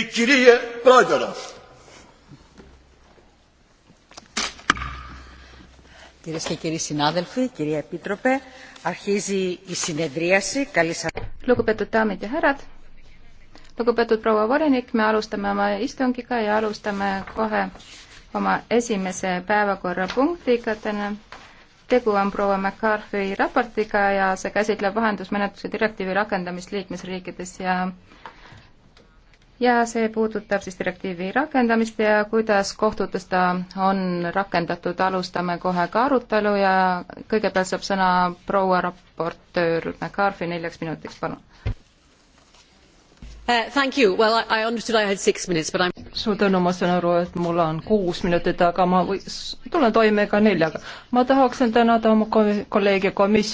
η κυρία Πρόεδρος. Κυρίες και κύριοι συνάδελφοι, κυρία Επίτροπε, αρχίζει η συνεδρίαση. Καλή σας... Lugupeetud daamid ja härrad, lugupeetud proua volinik, me alustame oma istungiga ja alustame kohe oma esimese päevakorrapunktiga täna tegu on proua McCarthy raportiga ja see käsitleb vahendusmenetluse direktiivi rakendamist liikmesriikides ja ja see puudutab siis direktiivi rakendamist ja kuidas kohtutes ta on rakendatud, alustame kohe ka arutelu ja kõigepealt saab sõna proua raportöör McCarthy neljaks minutiks, palun uh,. Well, I, I minutes, suur tänu, ma saan aru, et mul on kuus minutit, aga ma või, tulen toime ka neljaga. ma tahaksin tänada oma kolleegi komisjoni